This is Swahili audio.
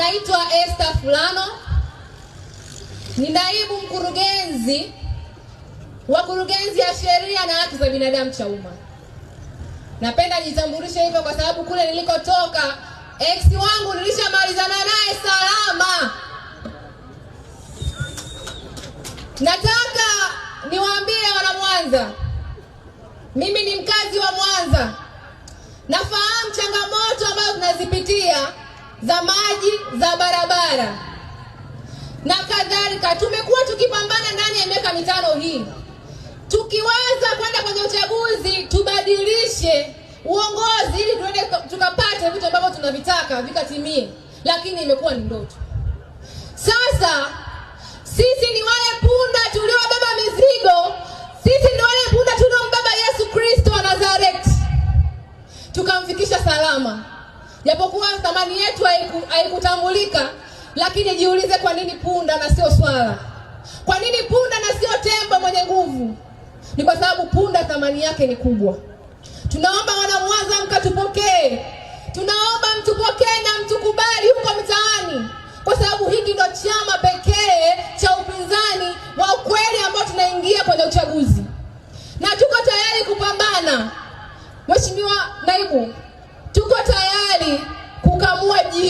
Naitwa Esther Fulano, ni naibu mkurugenzi wa kurugenzi ya sheria na haki za binadamu cha umma Napenda nijitambulishe hivyo kwa sababu kule nilikotoka ex wangu nilishamalizana naye salama. Nataka niwaambie wana Mwanza, mimi ni mkazi wa Mwanza, nafahamu changamoto za maji, za barabara na kadhalika. Tumekuwa tukipambana ndani ya miaka mitano hii, tukiweza kwenda kwenye uchaguzi tubadilishe uongozi ili tuende tukapate vitu ambavyo tunavitaka vikatimie, lakini imekuwa ni ndoto. Sasa sisi ni wale punda tuliobeba mizigo, sisi ni wale punda tunaombeba Yesu Kristo wa Nazareti tukamfikisha salama. Japokuwa thamani yetu haikutambulika, lakini jiulize, kwa nini punda na sio swala? Kwa nini punda na sio tembo mwenye nguvu? Ni kwa sababu punda thamani yake ni kubwa. Tunaomba wana Mwanza mkatupokee, tunaomba mtupokee na mtukubali huko mtaani, kwa sababu hiki ndo chama pekee cha upinzani wa kweli ambao tunaingia kwenye uchaguzi na tuko tayari kupambana. Mheshimiwa Naibu You.